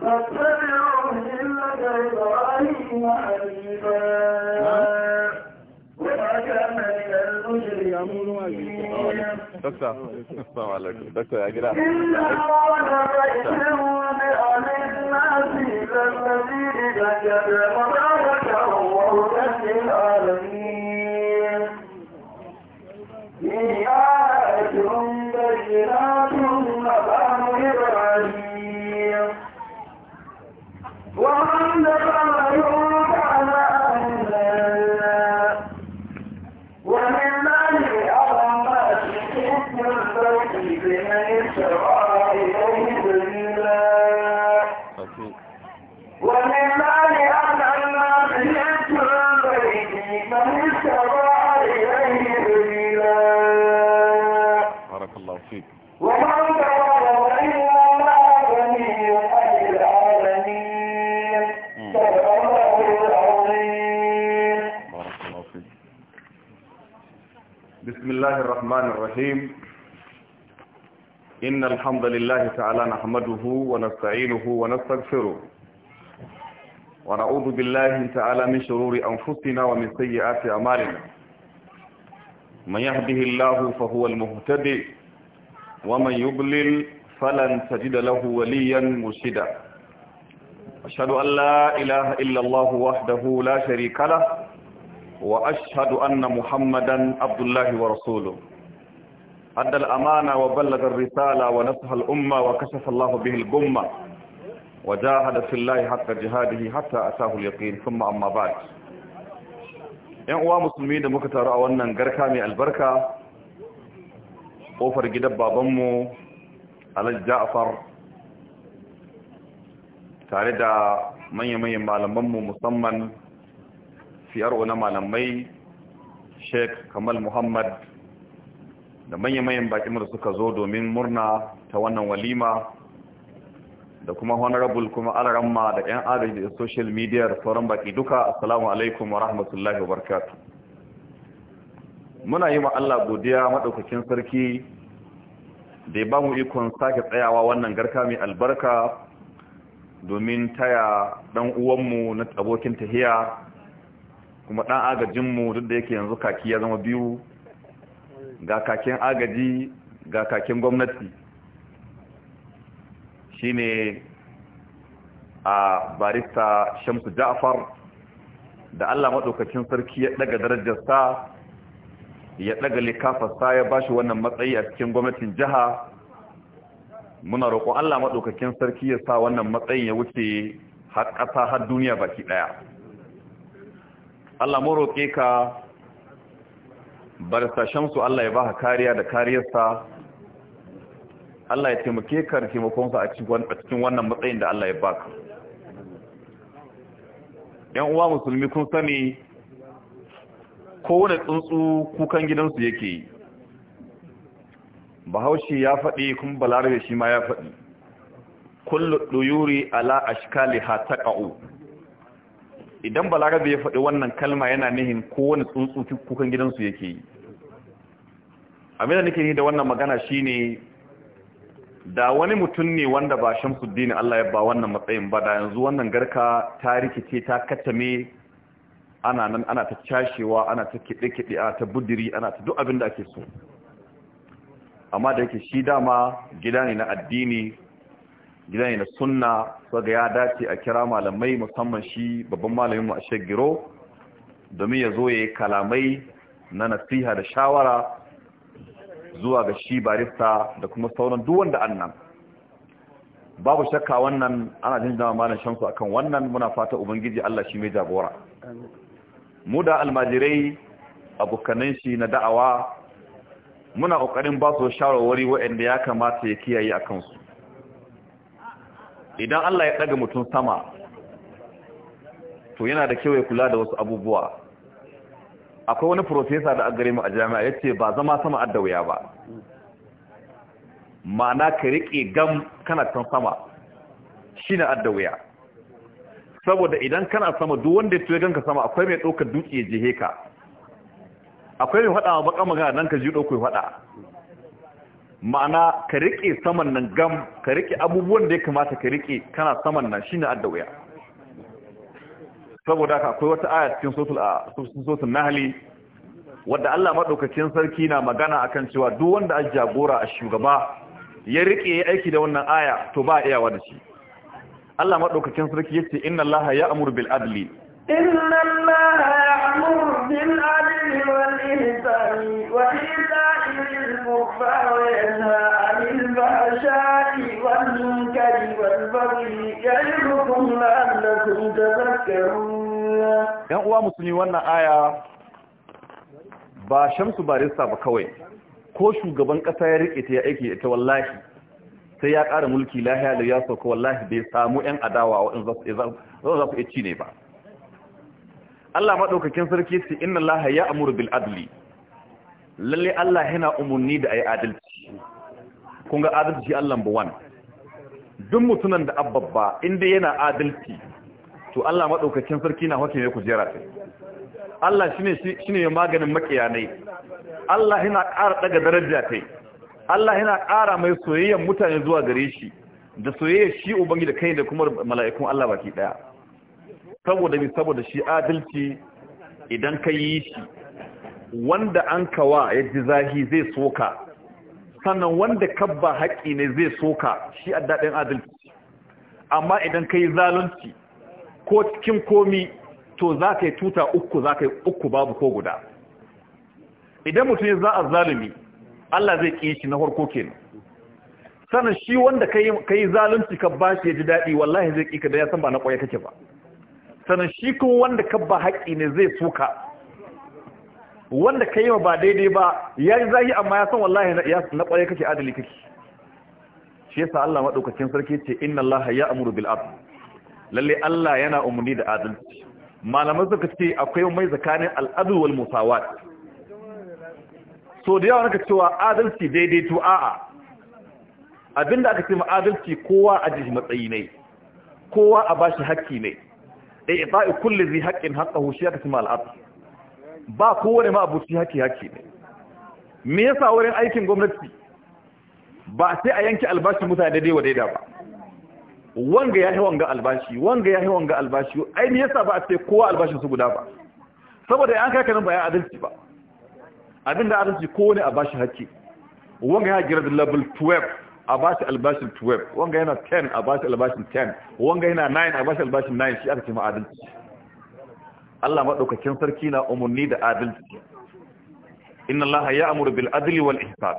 فاتبعوا ملة إبراهيم حنيفا وما كان من المجرمين دكتور السلام عليكم دكتور يا جدع إن أراد فإنه بأن الناس الذي ذكر مباركه بارك الله فيك العالمين بارك الله فيك بسم الله الرحمن الرحيم إن الحمد لله تعالى نحمده ونستعينه ونستغفره ونعوذ بالله تعالى من شرور أنفسنا ومن سيئات أعمالنا من يهده الله فهو المهتدي ومن يضلل فلن تجد له وليا مرشدا أشهد أن لا إله إلا الله وحده لا شريك له وأشهد أن محمدا عبد الله ورسوله أدى الأمانة وبلغ الرسالة ونصح الأمة وكشف الله به الغمة وجاهد في الله حق جهاده حتى أتاه اليقين ثم أما بعد ‘Yan uwa musulmi da muka taru a wannan garka mai albarka ƙofar gidan babanmu alhaji ja'afar tare da manya-manyan malamanmu musamman fiyar na malamai sheik kamal muhammad da manya-manyan bakinmu da suka zo domin murna ta wannan walima da kuma honorable kuma alaramma da 'yan agaji da social media da sauran baki duka assalamu alaikum wa rahmatullahi wa barakatuh muna yi wa Allah godiya maɗaukakin sarki da ya ba mu ikon sake tsayawa wannan garka mai albarka domin taya ɗan uwanmu na abokin tahiya kuma ɗan agajinmu duk da yake yanzu kaki ya zama biyu ga kakin agaji ga kakin gwamnati shine a barista shamsu ja'far da allah maɗaukakin sarki ya ɗaga darajarsa ya daga likafasta ya bashi wannan matsayi a cikin gwamnatin jiha muna roƙo Allah madaukakin sarki ya sa wannan matsayin ya wuce har ƙasa har duniya baki daya Allah mu roƙe ka barista shamsu Allah ya baka kariya da kariyarsa Allah ya taimake ka da taimakonsa a cikin wannan matsayin da Allah ya baka yan uwa musulmi kun sani kowane tsuntsu kukan gidansu yake yi bahaushe ya faɗi kuma balarabe shi ma ya faɗi kullu ɗuyuri ala ashkali hata ƙau. idan balarabe ya faɗi wannan kalma yana nihin kowane tsuntsu kukan gidansu yake yi abinda nake yi da wannan magana shine da wani mutum ne wanda ba shamsuddin Allah ya ba wannan matsayin ba da yanzu wannan garka ta rikice ta katame. ana nan ana ta cashewa ana ta kiɗe-kiɗe ana ta budiri ana ta duk abin da ake so amma da yake shi dama gida ne na addini gida ne na sunna ga ya dace a kira malamai musamman shi babban malamin mu a shagiro domin ya zo ya yi kalamai na nasiha da shawara zuwa ga shi barista da kuma sauran duk wanda annan babu shakka wannan ana jin jama malam shansu akan wannan muna fata ubangiji Allah shi mai jagora mu da almajirai abokanan shi na da'awa muna ƙoƙarin ba su shawarwari waɗanda ya kamata ya kiyaye a kansu idan Allah ya ɗaga mutum sama to yana da kyau ya kula da wasu abubuwa akwai wani profesa da agare mu a jami'a ya ce ba zama sama adda wuya ba ma'ana ka riƙe gam kana sama shi na adda wuya saboda idan kana sama duk wanda ya ganka sama akwai mai ɗaukar duki ya jihe ka akwai mai faɗa baka magana nan ka ji ɗauko ya ma'ana ka riƙe saman nan gam ka riƙe abubuwan da ya kamata ka riƙe kana saman nan shine addawiya saboda haka akwai wata aya cikin sotul a hali, wadda Allah madaukakin sarki na magana akan cewa duk wanda a jagora a shugaba ya riƙe aiki da wannan aya to ba iyawa da shi Allah madaukakin sarki yace inna Allah ya'muru bil adli inna Allah ya'muru bil adli wal ihsani wa ita'i lil yan uwa musulmi wannan aya ba shamsu barista ba kawai ko shugaban kasa ya rike ta ya aiki ita wallahi sai ya ƙara mulki lahiya da ya sauka wallahi bai samu 'yan adawa waɗanda za su ci ne ba Allah maɗaukakin sarki ce inna laha ya amur bil adli lalle Allah yana umarni da a yi adalci kun ga adalci Allah ba wani duk mutunan da abbabba inda yana adalci to Allah maɗaukakin sarki na hukume ku jera ta Allah shi ne maganin makiyanai Allah yana ƙara ɗaga daraja ta Allah yana ƙara mai soyayyar mutane zuwa gare shi da soyayyar shi ubangi da kai da kuma mala'ikun Allah baki ɗaya. saboda bi saboda shi adalci idan ka yi shi wanda an kawa ya ji zahi zai soka sannan wanda kabba haƙi ne zai soka shi addaɗin adalci amma idan ka yi zalunci ko cikin komi to za ka yi tuta uku za ka yi uku babu ko guda idan mutum ya za a zalumi Allah zai ƙi shi na farko kenan sanin shi wanda ka yi zalunci ka ba shi ya ji daɗi wallahi zai ƙi ka da ya san ba na ƙwaya kake ba sanin shi kuma wanda ka ba haƙƙi ne zai soka wanda ka yi ma ba daidai ba ya yi zahi amma ya san wallahi na ƙwaya kake adali kake shi yasa Allah maɗaukacin sarki ce inna Allah ya amuru bil adl lalle Allah yana umarni da adalci malamai suka ce akwai mai tsakanin al adl wal musawat so da yawa ka cewa adalci to a'a abinda aka ce adalci kowa a jihi matsayi ne kowa a bashi haƙƙi ne da ita'i kulli zai haƙƙin haƙƙahu shi aka ce al'adu ba kowane ma shi haƙƙi haƙƙi ne me yasa wurin aikin gwamnati ba sai a yanke albashi mutane daidai wa daidai ba wanga ya yi wanga albashi wanga ya yi wanga albashi ai me yasa ba a ce kowa albashin su guda ba saboda an kai kanin ba ya adalci ba abin da arziki kowane a bashi haƙƙi wanga ya gira da level 12 a bashi albashin 12 wanga yana 10 a bashi albashin 10 wanga yana 9 a bashi albashin 9 shi aka ce ma adalci Allah maɗaukakin sarki na umarni da adalci inna Allah ya amuru bil adli wal ihsan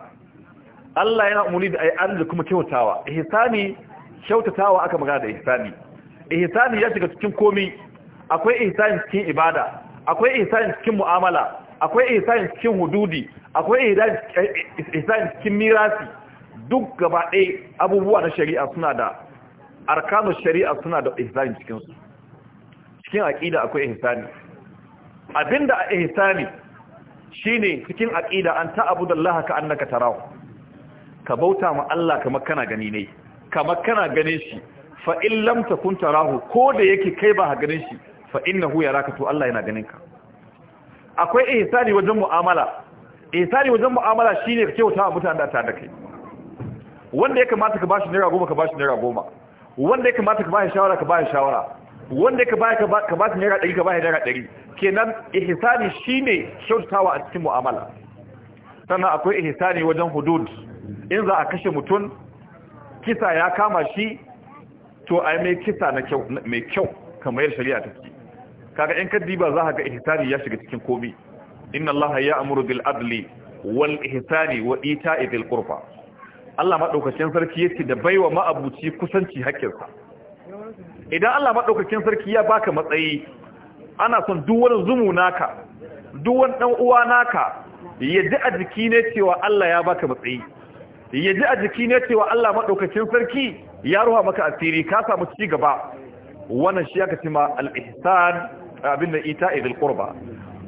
Allah yana umarni da adalci kuma kyautawa ihsani kyautatawa aka magana da ihsani ihsani ya shiga cikin komai akwai ihsani cikin ibada akwai ihsani cikin mu'amala akwai ihsani cikin hududi akwai ihsani cikin mirasi duk gaba ɗaya abubuwa na shari'a suna da arkanu shari'a suna da ihsani cikin su cikin aqida akwai ihsani abinda ihsani shine cikin aqida an ta'budallaha ka annaka tarahu ka bauta ma Allah kamar kana gani ne kamar kana ganin shi fa in lam takun ko da yake kai ba ha ganin shi fa innahu yaraka to Allah yana ganin ka akwai ihsani wajen mu'amala ihsani wajen mu'amala shine ka kyauta wa mutanen da ta da kai wanda ya kamata ka bashi naira goma ka bashi naira goma wanda ya kamata ka bashi shawara ka bashi shawara wanda ya kamata ka bashi naira ɗari ka bashi naira ɗari kenan ihsani shine kyautawa a cikin mu'amala sannan akwai ihsani wajen hudud in za a kashe mutum kisa ya kama shi to ai mai kisa na kyau mai kyau kamar shari'a ta ce kaga in ka diba za ka ga ihsani ya shiga cikin komi. inna allaha ya'muru bil adli wal ihsani wa ita'i dhil qurba Allah madaukakin sarki yace da baiwa ma'abuci kusanci hakkinsa idan Allah madaukakin sarki ya baka matsayi ana son duk wani zumu naka duk wani dan uwa naka ya ji a jiki ne cewa Allah ya baka matsayi ya ji a jiki ne cewa Allah madaukakin sarki ya ruha maka asiri ka samu ci gaba wannan shi aka ce ma al-ihsan abin da ita idil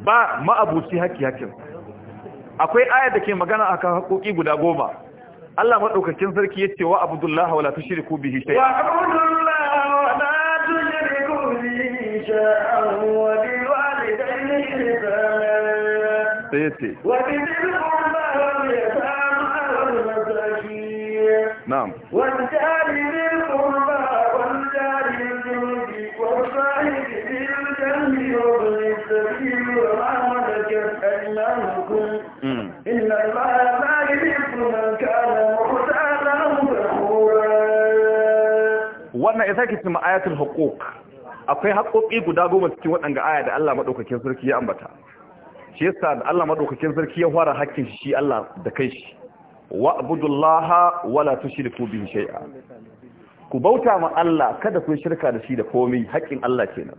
ba ma'abuci haƙi haƙin akwai ayar da ke magana akan haƙoƙi guda goma Allah madaukakin sarki ya wa abdullahi wala tushriku bihi wa abdullahi wa bil walidayni ihsana sai na'am wa ta'alil ya sake cimma ayatul huquq akwai haƙoƙi guda goma cikin waɗanda aya da Allah madaukakin sarki ya ambata shi yasa da Allah madaukakin sarki ya fara hakkin shi Allah da kai shi wa abudullaha wala tushriku bihi shay'a ku bauta ma Allah kada ku shirka da shi da komai hakkin Allah kenan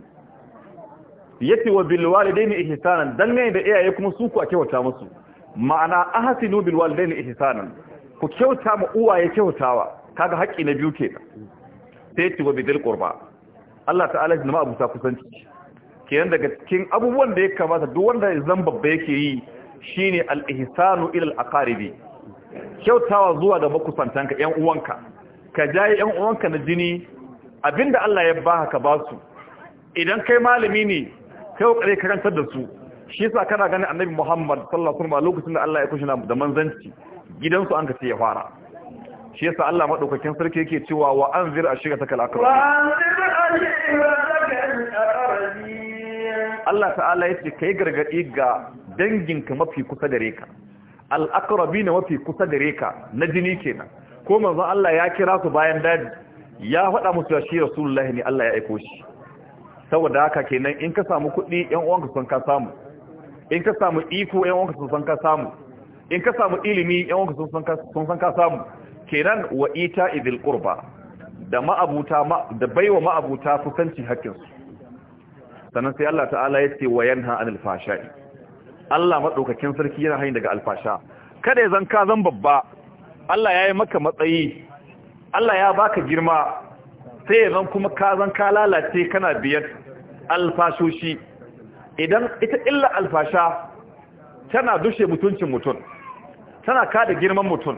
yace wa bil walidaini ihsanan dan ne da iyaye kuma su ku a kyauta musu ma'ana ahsinu bil walidaini ihsanan ku kyauta ma uwaye kyautawa kaga haƙƙi na biyu kenan sai ci wa bidil qurba Allah ta'ala ya zama abuta kusanci kenan daga cikin abubuwan da ya kamata duk wanda zan babba yake yi shine al-ihsanu ila al-aqaribi kyautawa zuwa ga makusantanka 'yan uwanka ka jaye 'yan uwanka na jini abinda Allah ya ba ka ba su idan kai malami ne kai kokare karantar da su shi yasa kana ganin annabi Muhammad sallallahu alaihi wasallam lokacin da Allah ya kushi da manzanci gidansu an ka ce ya fara shi yasa Allah madaukakin sarki yake cewa wa anzir ashirataka al-aqrab wa Allah ta'ala yace kai gargadi ga danginka mafi kusa gare ka al-aqrabina mafi kusa gare ka na jini kenan ko manzo Allah ya kira su bayan dadi ya faɗa musu shi rasulullahi ne Allah ya aiko shi saboda haka kenan in ka samu kuɗi ƴan uwanka sun ka samu in ka samu iko ɗan uwanka sun san ka samu in ka samu ilimi ƴan uwanka sun san ka samu kenan wa ita idil qurba da ma'abuta da baiwa ma'abuta kusanci hakkin su sanan sai Allah ta'ala yace wa yanha anil fashai Allah madaukakin sarki yana hain daga alfasha kada ya zanka zan babba Allah yayi maka matsayi Allah ya baka girma sai ya kuma ka zan ka lalace kana biyar alfashoshi idan ita illa alfasha tana dushe mutuncin mutun, tana kada girman mutun.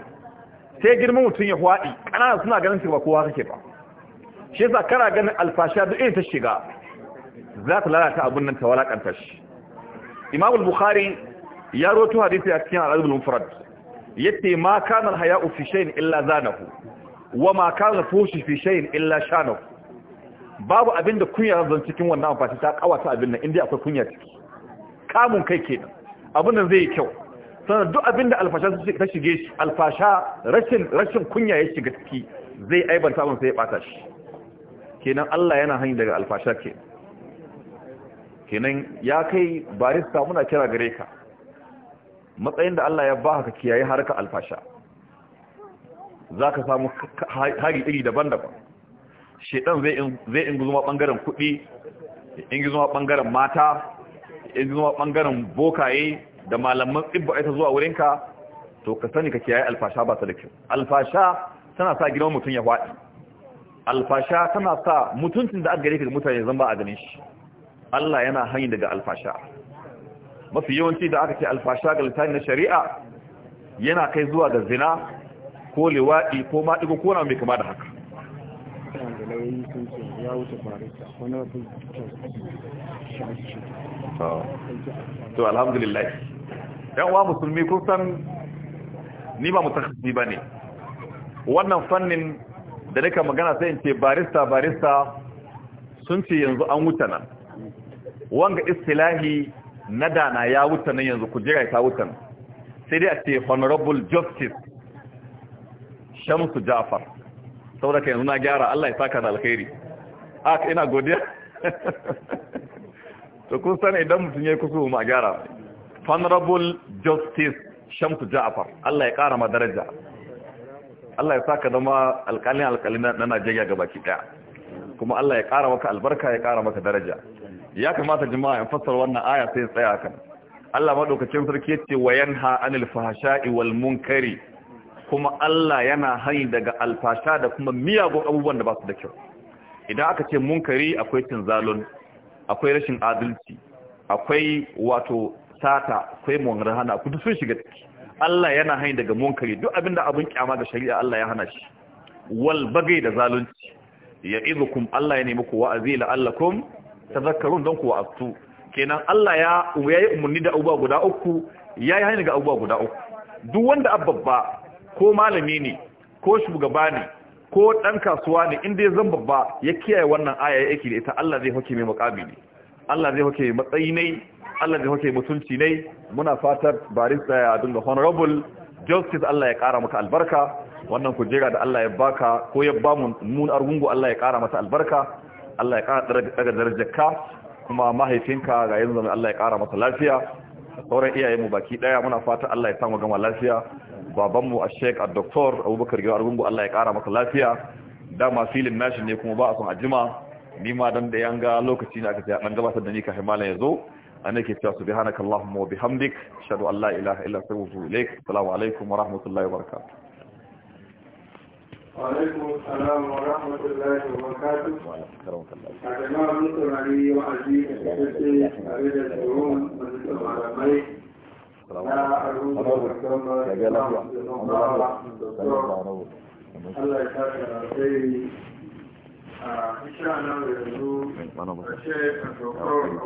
sai girman mutum ya hwaɗi ƙanana suna ganin ba kowa kake ba shi yasa kana ganin alfasha duk irin ta shiga za ta lalata abin nan ta walakanta shi imam bukhari ya roto hadisi a cikin al-adab mufrad yace ma kana al-haya'u fi shay'in illa zanahu wa ma kana fushi fi shay'in illa shanahu babu abin da kunya zan cikin wannan amfani ta kawata abin nan inda akwai kunya ciki kamun kai kenan abin nan zai yi kyau sanar duk abin da alfasha ta shige shi alfasha rashin rashin kunya ya shiga ciki zai aibanta abin sai ya bata shi kenan Allah yana hanyar daga alfasha ke kenan ya kai barista muna kira gare ka matsayin da Allah ya ba ka kiyaye harka alfasha za ka samu hari iri daban-daban shedan zai inguzuma bangaren kuɗi inguzuma bangaren mata inguzuma bangaren bokaye da malaman tsibba ita zuwa wurinka to ka sani ka kiyaye alfasha ba ta da kyau alfasha tana sa gidan mutum ya faɗi alfasha tana sa mutuncin da aka gare ka mutane zan ba a ganin shi Allah yana hanyar daga alfasha mafi yawanci da aka ce alfasha ga litani na shari'a yana kai zuwa ga zina ko liwaɗi ko maɗigo ko na mai kama da haka to alhamdulillah ya uwa musulmi kun san ni ba mutakhassi bane wannan fannin da nika magana sai in ce barista barista sun ce yanzu an wuta nan wanga istilahi na dana ya wuta nan yanzu kujera ta wuta nan sai dai a ce honorable justice shamsu jafar saboda yanzu na gyara Allah ya saka da alkhairi A ina godiya to kun san idan mutum ya kusa mu a gyara honorable justice shamsu ja'afar Allah ya kara madaraja Allah ya saka zama alƙalin alƙalin na Najeriya gabaki daya kuma Allah ya kara maka albarka ya kara maka daraja ya kamata jama'a in fassara wannan aya sai tsaya kan Allah madaukakin sarki yace wa anil iwal wal munkari kuma Allah yana hani daga alfasha da kuma miyagun abubuwan da ba su da kyau idan aka ce munkari akwai tinzalun akwai rashin adalci akwai wato sata sai munkar hana ku sun shiga ciki Allah yana hain daga munkari duk abinda abin kyama da shari'a Allah ya hana shi wal bagai da zalunci ya izukum Allah ya nemi ku wa'azi la'allakum tadhakkarun don ku wa'aztu kenan Allah ya yayi umarni da abubuwa guda uku yayi hain daga abubuwa guda uku duk wanda abbabba ko malami ne ko shugaba ne ko dan kasuwa ne inda ya zan babba ya kiyaye wannan aya yake da ita Allah zai hukume makabili Allah zai hukume matsayi ne Allah da kake mutunci ne muna fatar barista ya dinga honorable justice Allah ya kara maka albarka wannan kujera da Allah ya baka ko ya ba mu mun argungu Allah ya kara masa albarka Allah ya kara daga darajarka kuma mahaifinka ga yanzu Allah ya kara masa lafiya sauran iyaye mu baki daya muna fata Allah ya samu gama lafiya babanmu a sheikh a doctor abubakar gina argungu Allah ya kara maka lafiya dama filin nashi ne kuma ba a son a jima ni ma dan da yanga lokaci ne aka ce dan gabatar da ni kafin malam ya zo أنا سبحانك اللهم وبحمدك أشهد أن لا إله إلا سوزه إليك السلام عليكم ورحمة الله وبركاته وعليكم السلام ورحمة الله وبركاته أتمنى منكم علي وعزيز الشيخ أريد الدعون منكم على لا أروح أكرم الله يسافر على خير إن الله يرجو